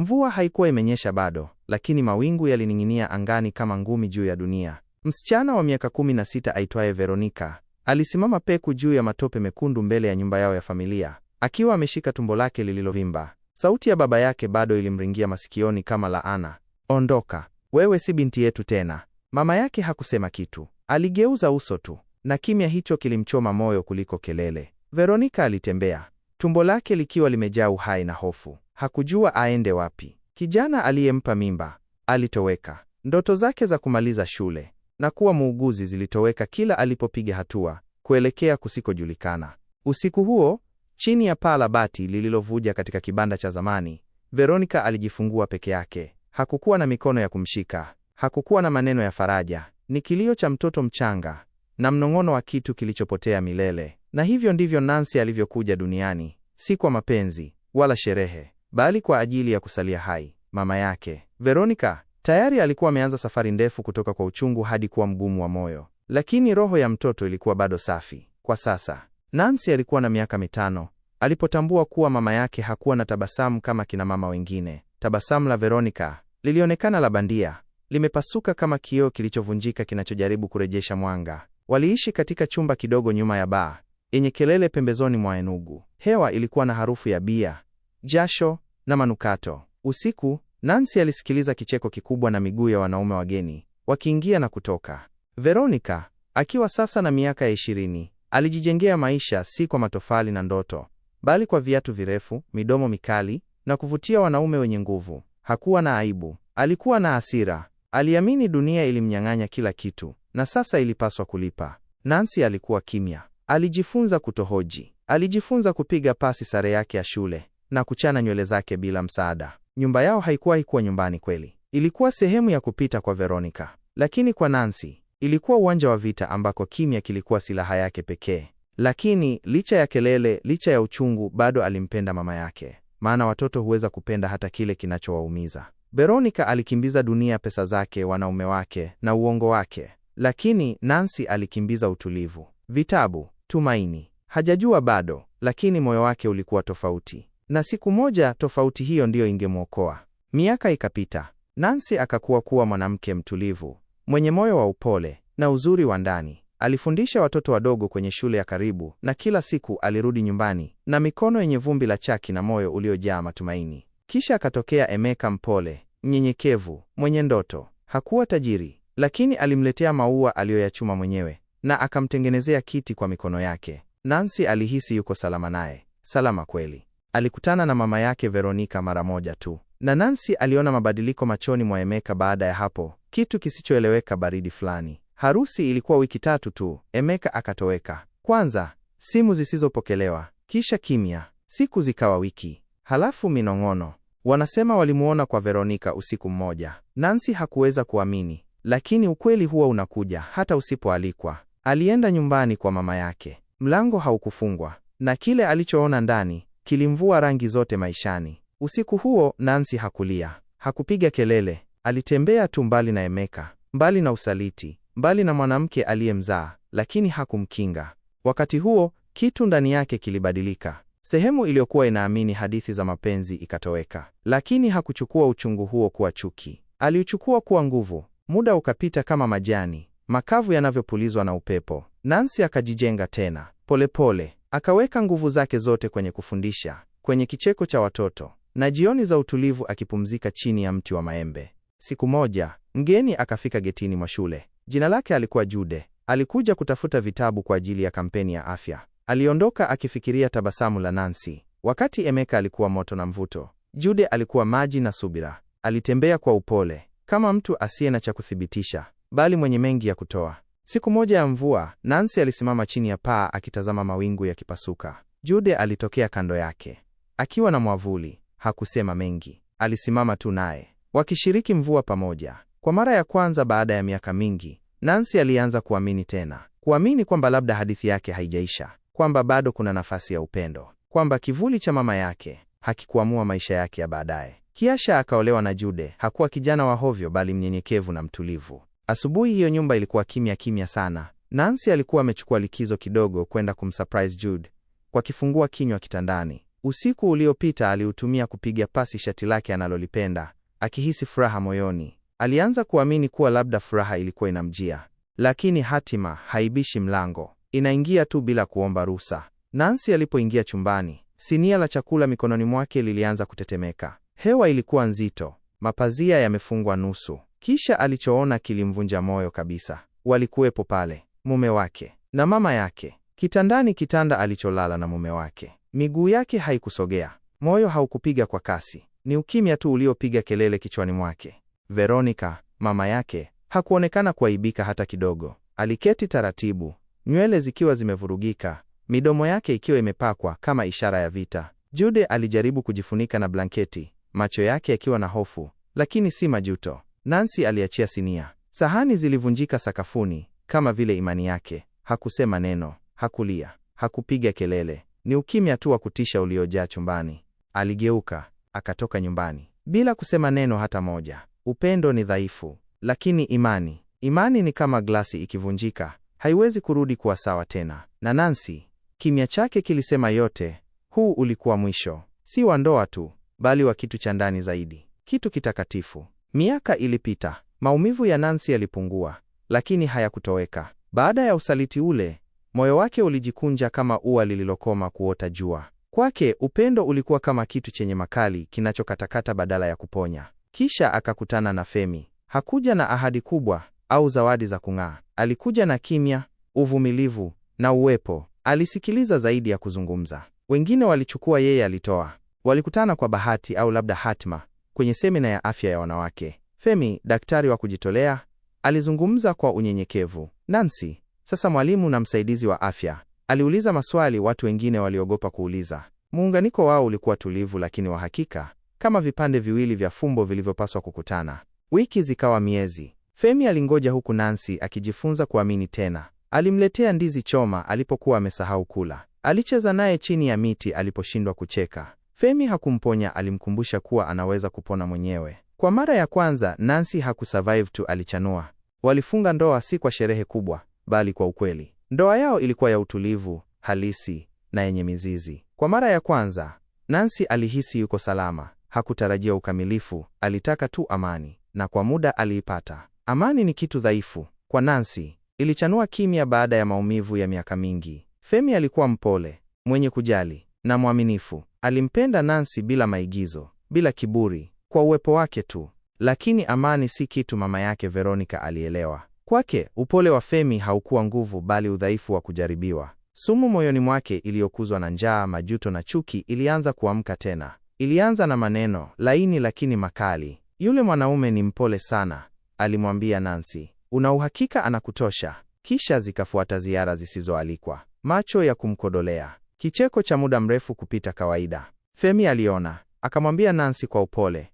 Mvua haikuwa imenyesha bado, lakini mawingu yalining'inia angani kama ngumi juu ya dunia. Msichana wa miaka 16 aitwaye Veronika alisimama peku juu ya matope mekundu mbele ya nyumba yao ya familia, akiwa ameshika tumbo lake lililovimba. Sauti ya baba yake bado ilimringia masikioni kama laana, ondoka wewe, si binti yetu tena. Mama yake hakusema kitu, aligeuza uso tu, na kimya hicho kilimchoma moyo kuliko kelele. Veronika alitembea, tumbo lake likiwa limejaa uhai na hofu hakujua aende wapi. Kijana aliyempa mimba alitoweka, ndoto zake za kumaliza shule na kuwa muuguzi zilitoweka kila alipopiga hatua kuelekea kusikojulikana. Usiku huo, chini ya paa la bati lililovuja katika kibanda cha zamani, Veronica alijifungua peke yake. Hakukuwa na mikono ya kumshika, hakukuwa na maneno ya faraja. Ni kilio cha mtoto mchanga na mnong'ono wa kitu kilichopotea milele. Na hivyo ndivyo Nancy alivyokuja duniani, si kwa mapenzi wala sherehe, bali kwa ajili ya kusalia hai. Mama yake Veronica tayari alikuwa ameanza safari ndefu kutoka kwa uchungu hadi kuwa mgumu wa moyo, lakini roho ya mtoto ilikuwa bado safi. Kwa sasa Nancy alikuwa na miaka mitano alipotambua kuwa mama yake hakuwa na tabasamu kama kina mama wengine. Tabasamu la Veronica lilionekana la bandia, limepasuka kama kioo kilichovunjika kinachojaribu kurejesha mwanga. Waliishi katika chumba kidogo nyuma ya baa yenye kelele pembezoni mwa Enugu. Hewa ilikuwa na harufu ya bia jasho na manukato. Usiku Nancy alisikiliza kicheko kikubwa na miguu ya wanaume wageni wakiingia na kutoka. Veronica akiwa sasa na miaka ya ishirini alijijengea maisha si kwa matofali na ndoto, bali kwa viatu virefu, midomo mikali na kuvutia wanaume wenye nguvu. Hakuwa na aibu, alikuwa na hasira. Aliamini dunia ilimnyang'anya kila kitu na sasa ilipaswa kulipa. Nancy alikuwa kimya, alijifunza kutohoji, alijifunza kupiga pasi sare yake ya shule na kuchana nywele zake bila msaada. Nyumba yao haikuwahi kuwa nyumbani kweli, ilikuwa sehemu ya kupita kwa Veronica, lakini kwa Nancy ilikuwa uwanja wa vita ambako kimya kilikuwa silaha yake pekee. Lakini licha ya kelele, licha ya uchungu, bado alimpenda mama yake, maana watoto huweza kupenda hata kile kinachowaumiza. Veronica alikimbiza dunia, pesa zake, wanaume wake na uongo wake, lakini Nancy alikimbiza utulivu, vitabu, tumaini. Hajajua bado, lakini moyo wake ulikuwa tofauti na siku moja tofauti hiyo ndiyo ingemwokoa. Miaka ikapita, Nancy akakuwa kuwa mwanamke mtulivu mwenye moyo wa upole na uzuri wa ndani. Alifundisha watoto wadogo kwenye shule ya karibu, na kila siku alirudi nyumbani na mikono yenye vumbi la chaki na moyo uliojaa matumaini. Kisha akatokea Emeka, mpole, mnyenyekevu, mwenye ndoto. Hakuwa tajiri, lakini alimletea maua aliyoyachuma mwenyewe na akamtengenezea kiti kwa mikono yake. Nancy alihisi yuko salama naye, salama kweli. Alikutana na mama yake Veronica mara moja tu, na Nancy aliona mabadiliko machoni mwa Emeka baada ya hapo, kitu kisichoeleweka, baridi fulani. Harusi ilikuwa wiki tatu tu, Emeka akatoweka. Kwanza simu zisizopokelewa, kisha kimya. Siku zikawa wiki, halafu minong'ono. Wanasema walimuona kwa Veronica usiku mmoja. Nancy hakuweza kuamini, lakini ukweli huwa unakuja hata usipoalikwa. Alienda nyumbani kwa mama yake, mlango haukufungwa na kile alichoona ndani kilimvua rangi zote maishani. Usiku huo Nancy hakulia, hakupiga kelele. Alitembea tu mbali na Emeka, mbali na usaliti, mbali na mwanamke aliyemzaa, lakini hakumkinga. Wakati huo kitu ndani yake kilibadilika. Sehemu iliyokuwa inaamini hadithi za mapenzi ikatoweka, lakini hakuchukua uchungu huo kuwa chuki, aliuchukua kuwa nguvu. Muda ukapita kama majani makavu yanavyopulizwa na upepo. Nancy akajijenga tena polepole pole. Akaweka nguvu zake zote kwenye kufundisha, kwenye kicheko cha watoto na jioni za utulivu akipumzika chini ya mti wa maembe. Siku moja mgeni akafika getini mwa shule. Jina lake alikuwa Jude. Alikuja kutafuta vitabu kwa ajili ya kampeni ya afya. Aliondoka akifikiria tabasamu la Nancy. Wakati Emeka alikuwa moto na mvuto, Jude alikuwa maji na subira. Alitembea kwa upole kama mtu asiye na cha kuthibitisha, bali mwenye mengi ya kutoa. Siku moja ya mvua, Nancy alisimama chini ya paa akitazama mawingu yakipasuka. Jude alitokea kando yake akiwa na mwavuli. Hakusema mengi, alisimama tu naye, wakishiriki mvua pamoja. Kwa mara ya kwanza baada ya miaka mingi, Nancy alianza kuamini tena, kuamini kwamba labda hadithi yake haijaisha, kwamba bado kuna nafasi ya upendo, kwamba kivuli cha mama yake hakikuamua maisha yake ya baadaye. Kiasha akaolewa na Jude. Hakuwa kijana wa hovyo, bali mnyenyekevu na mtulivu. Asubuhi hiyo nyumba ilikuwa kimya kimya sana. Nancy alikuwa amechukua likizo kidogo kwenda kumsurprise Jude kwa kifungua kinywa kitandani. Usiku uliopita aliutumia kupiga pasi shati lake analolipenda, akihisi furaha moyoni. Alianza kuamini kuwa labda furaha ilikuwa inamjia, lakini hatima haibishi mlango, inaingia tu bila kuomba ruhusa. Nancy alipoingia chumbani, sinia la chakula mikononi mwake lilianza kutetemeka. Hewa ilikuwa nzito, mapazia yamefungwa nusu. Kisha alichoona kilimvunja moyo kabisa. Walikuwepo pale mume wake na mama yake, kitandani, kitanda alicholala na mume wake. Miguu yake haikusogea, moyo haukupiga kwa kasi, ni ukimya tu uliopiga kelele kichwani mwake. Veronica, mama yake, hakuonekana kuaibika hata kidogo. Aliketi taratibu, nywele zikiwa zimevurugika, midomo yake ikiwa imepakwa kama ishara ya vita. Jude alijaribu kujifunika na blanketi, macho yake yakiwa na hofu, lakini si majuto. Nancy aliachia sinia. Sahani zilivunjika sakafuni kama vile imani yake. Hakusema neno, hakulia, hakupiga kelele. Ni ukimya tu wa kutisha uliojaa chumbani. Aligeuka, akatoka nyumbani bila kusema neno hata moja. Upendo ni dhaifu, lakini imani, imani ni kama glasi ikivunjika, haiwezi kurudi kuwa sawa tena. Na Nancy, kimya chake kilisema yote. Huu ulikuwa mwisho, si wa ndoa tu, bali wa kitu cha ndani zaidi, kitu kitakatifu. Miaka ilipita, maumivu ya Nancy yalipungua, lakini hayakutoweka. Baada ya usaliti ule, moyo wake ulijikunja kama ua lililokoma kuota jua. Kwake upendo ulikuwa kama kitu chenye makali kinachokatakata badala ya kuponya. Kisha akakutana na Femi. Hakuja na ahadi kubwa au zawadi za kung'aa. Alikuja na kimya, uvumilivu na uwepo. Alisikiliza zaidi ya kuzungumza. Wengine walichukua, yeye alitoa. Walikutana kwa bahati au labda hatima, Kwenye semina ya afya ya wanawake, Femi, daktari wa kujitolea, alizungumza kwa unyenyekevu. Nancy, sasa mwalimu na msaidizi wa afya, aliuliza maswali watu wengine waliogopa kuuliza. Muunganiko wao ulikuwa tulivu lakini wa hakika, kama vipande viwili vya fumbo vilivyopaswa kukutana. Wiki zikawa miezi. Femi alingoja huku Nancy akijifunza kuamini tena. Alimletea ndizi choma alipokuwa amesahau kula. Alicheza naye chini ya miti aliposhindwa kucheka. Femi hakumponya, alimkumbusha kuwa anaweza kupona mwenyewe. Kwa mara ya kwanza Nancy hakusurvive tu, alichanua. Walifunga ndoa, si kwa sherehe kubwa, bali kwa ukweli. Ndoa yao ilikuwa ya utulivu halisi na yenye mizizi. Kwa mara ya kwanza Nancy alihisi yuko salama. Hakutarajia ukamilifu, alitaka tu amani, na kwa muda aliipata. Amani ni kitu dhaifu kwa Nancy, ilichanua kimya baada ya maumivu ya miaka mingi. Femi alikuwa mpole, mwenye kujali na mwaminifu. Alimpenda Nancy bila maigizo, bila kiburi, kwa uwepo wake tu. Lakini amani si kitu mama yake Veronica alielewa. Kwake upole wa Femi haukuwa nguvu, bali udhaifu wa kujaribiwa. Sumu moyoni mwake iliyokuzwa na njaa, majuto na chuki ilianza kuamka tena. Ilianza na maneno laini lakini makali. Yule mwanaume ni mpole sana, alimwambia Nancy. Una uhakika anakutosha? Kisha zikafuata ziara zisizoalikwa, macho ya kumkodolea, Kicheko cha muda mrefu kupita kawaida. Femi aliona, akamwambia Nancy kwa upole,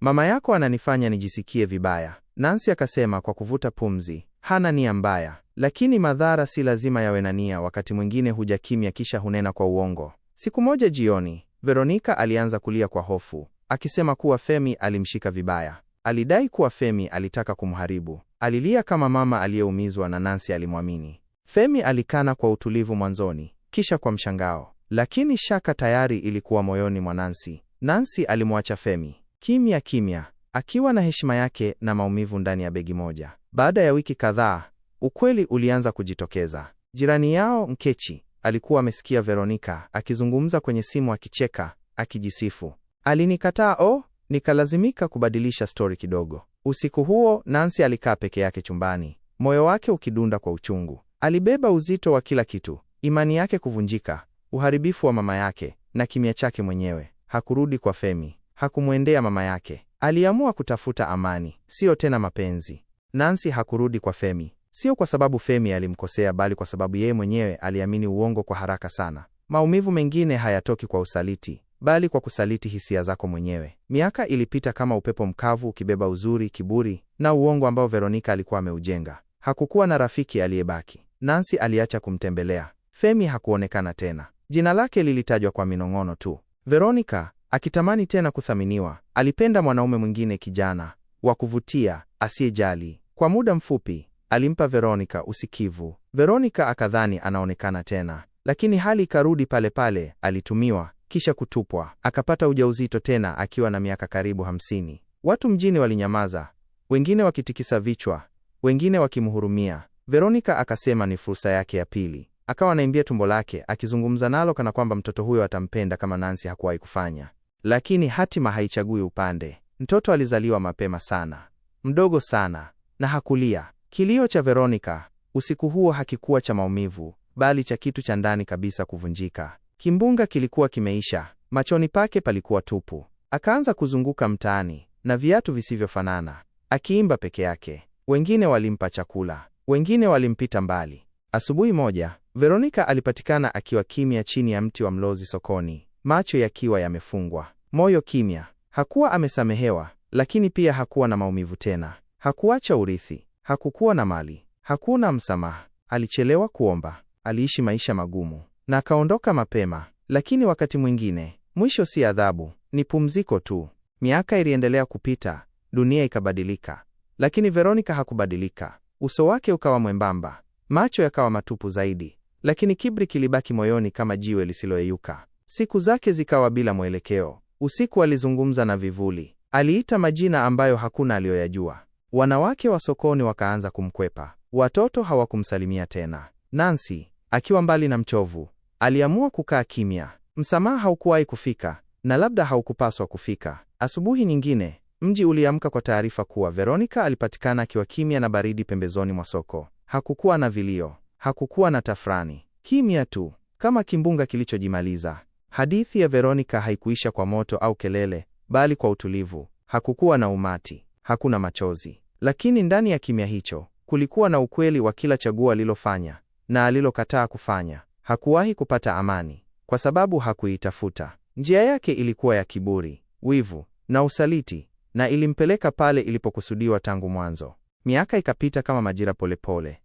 mama yako ananifanya nijisikie vibaya. Nancy akasema kwa kuvuta pumzi, hana nia mbaya, lakini madhara si lazima yawe na nia. Wakati mwingine huja kimya, kisha hunena kwa uongo. Siku moja jioni, veronika alianza kulia kwa hofu, akisema kuwa Femi alimshika vibaya. Alidai kuwa Femi alitaka kumharibu. Alilia kama mama aliyeumizwa, na Nancy alimwamini. Femi alikana kwa utulivu mwanzoni kisha kwa mshangao. Lakini shaka tayari ilikuwa moyoni mwa Nancy. Nancy alimwacha Femi kimya kimya, akiwa na heshima yake na maumivu ndani ya begi moja. Baada ya wiki kadhaa, ukweli ulianza kujitokeza. Jirani yao Mkechi alikuwa amesikia Veronika akizungumza kwenye simu akicheka, akijisifu. Alinikataa, o, oh, nikalazimika kubadilisha stori kidogo. Usiku huo Nancy alikaa peke yake chumbani, moyo wake ukidunda kwa uchungu. Alibeba uzito wa kila kitu Imani yake kuvunjika, uharibifu wa mama yake na kimya chake mwenyewe. Hakurudi kwa Femi, hakumwendea mama yake. Aliamua kutafuta amani, sio tena mapenzi. Nancy hakurudi kwa Femi, sio kwa sababu Femi alimkosea, bali kwa sababu yeye mwenyewe aliamini uongo kwa haraka sana. Maumivu mengine hayatoki kwa usaliti, bali kwa kusaliti hisia zako mwenyewe. Miaka ilipita kama upepo mkavu, ukibeba uzuri, kiburi na uongo ambao Veronica alikuwa ameujenga. Hakukuwa na rafiki aliyebaki. Nancy aliacha kumtembelea, Femi hakuonekana tena, jina lake lilitajwa kwa minong'ono tu. Veronica, akitamani tena kuthaminiwa, alipenda mwanaume mwingine, kijana wa kuvutia, asiyejali. Kwa muda mfupi alimpa Veronica usikivu. Veronica akadhani anaonekana tena, lakini hali ikarudi pale pale. Alitumiwa kisha kutupwa, akapata ujauzito tena akiwa na miaka karibu hamsini. Watu mjini walinyamaza, wengine wakitikisa vichwa, wengine wakimhurumia. Veronica akasema ni fursa yake ya pili. Akawa anaimbia tumbo lake akizungumza nalo kana kwamba mtoto huyo atampenda kama Nancy hakuwahi kufanya. Lakini hatima haichagui upande. Mtoto alizaliwa mapema sana, mdogo sana, na hakulia. Kilio cha Veronica usiku huo hakikuwa cha maumivu, bali cha kitu cha ndani kabisa kuvunjika. Kimbunga kilikuwa kimeisha, machoni pake palikuwa tupu. Akaanza kuzunguka mtaani na viatu visivyofanana, akiimba peke yake. Wengine walimpa chakula, wengine walimpita mbali. Asubuhi moja Veronika alipatikana akiwa kimya chini ya mti wa mlozi sokoni, macho yakiwa yamefungwa, moyo kimya. Hakuwa amesamehewa, lakini pia hakuwa na maumivu tena. Hakuacha urithi, hakukuwa na mali, hakuna msamaha. Alichelewa kuomba, aliishi maisha magumu na akaondoka mapema. Lakini wakati mwingine, mwisho si adhabu, ni pumziko tu. Miaka iliendelea kupita, dunia ikabadilika, lakini veronica hakubadilika. Uso wake ukawa mwembamba, macho yakawa matupu zaidi lakini kibri kilibaki moyoni kama jiwe lisiloyeyuka. Siku zake zikawa bila mwelekeo. Usiku alizungumza na vivuli, aliita majina ambayo hakuna aliyoyajua. Wanawake wa sokoni wakaanza kumkwepa, watoto hawakumsalimia tena. Nancy akiwa mbali na mchovu, aliamua kukaa kimya. Msamaha haukuwahi kufika na labda haukupaswa kufika. Asubuhi nyingine mji uliamka kwa taarifa kuwa Veronica alipatikana akiwa kimya na baridi pembezoni mwa soko. Hakukuwa na vilio Hakukuwa na tafrani, kimya tu kama kimbunga kilichojimaliza. Hadithi ya Veronica haikuisha kwa moto au kelele, bali kwa utulivu. Hakukuwa na umati, hakuna machozi, lakini ndani ya kimya hicho kulikuwa na ukweli wa kila chaguo alilofanya na alilokataa kufanya. Hakuwahi kupata amani kwa sababu hakuitafuta. Njia yake ilikuwa ya kiburi, wivu na usaliti, na ilimpeleka pale ilipokusudiwa tangu mwanzo. Miaka ikapita kama majira polepole.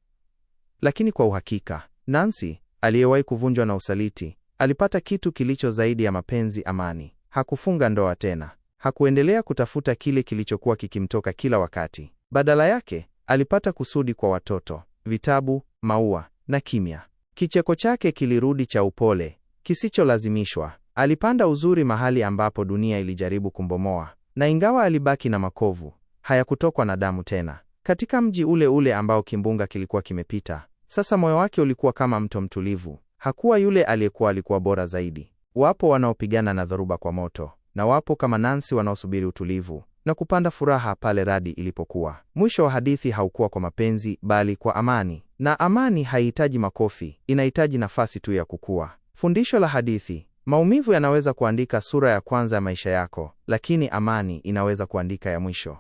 Lakini kwa uhakika, Nancy aliyewahi kuvunjwa na usaliti alipata kitu kilicho zaidi ya mapenzi, amani. Hakufunga ndoa tena, hakuendelea kutafuta kile kilichokuwa kikimtoka kila wakati. Badala yake alipata kusudi kwa watoto, vitabu, maua na kimya. Kicheko chake kilirudi cha upole, kisicholazimishwa. Alipanda uzuri mahali ambapo dunia ilijaribu kumbomoa, na ingawa alibaki na makovu, hayakutokwa na damu tena. Katika mji ule ule ambao kimbunga kilikuwa kimepita, sasa moyo wake ulikuwa kama mto mtulivu. Hakuwa yule aliyekuwa alikuwa bora zaidi. Wapo wanaopigana na dhoruba kwa moto, na wapo kama Nancy wanaosubiri utulivu na kupanda furaha pale radi ilipokuwa. Mwisho wa hadithi haukuwa kwa mapenzi, bali kwa amani, na amani haihitaji makofi, inahitaji nafasi tu ya kukua. Fundisho la hadithi: maumivu yanaweza kuandika sura ya kwanza ya maisha yako, lakini amani inaweza kuandika ya mwisho.